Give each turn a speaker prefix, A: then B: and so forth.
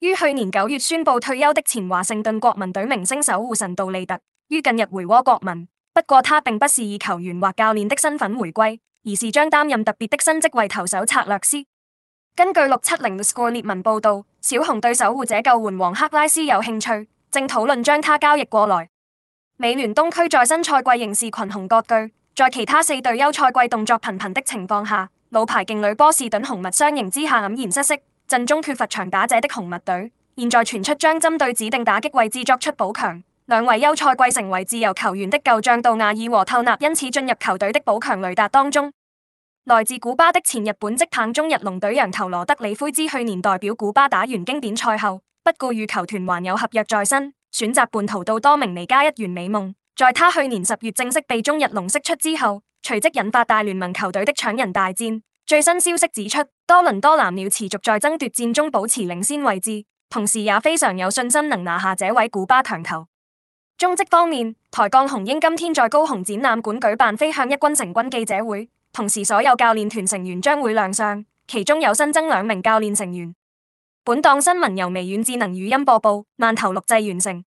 A: 於去年九月宣布退休的前華盛頓國民隊明星守護神杜利特，於近日回鍋國民。不過他並不是以球員或教練的身份回歸，而是將擔任特別的新職為投手策略師。根據六七零的《Score》列文報道，小熊對守護者救援王克拉斯有興趣，正討論將他交易過來。美聯東區在新賽季仍是群雄割據，在其他四隊休賽季動作頻頻的情況下，老牌勁旅波士頓紅襪相形之下黯然失色。陣中缺乏長打者的紅襪隊，現在傳出將針對指定打擊位置作出補強。兩位休賽季成為自由球員的舊將杜瓦爾和透納，因此進入球隊的補強雷達當中。來自古巴的前日本職棒中日龍隊洋投羅德里奎茲，去年代表古巴打完經典賽後，不顧與球團還有合約在身，選擇叛逃到多明尼加一圓美夢。在他去年十月正式被中日龍釋出之後，隨即引發大聯盟球隊的搶人大戰。最新消息指出，多倫多藍鳥持續在爭奪戰中保持領先位置，同時也非常有信心能拿下這位古巴強球。中職方面，台鋼雄鷹今天在高雄展覽館舉辦飛，飛向一軍成軍記者會，同時所有教練團成員將會亮相，其中有新增兩名教練成員。本檔新聞由微軟智能語音播報，慢頭錄製完成。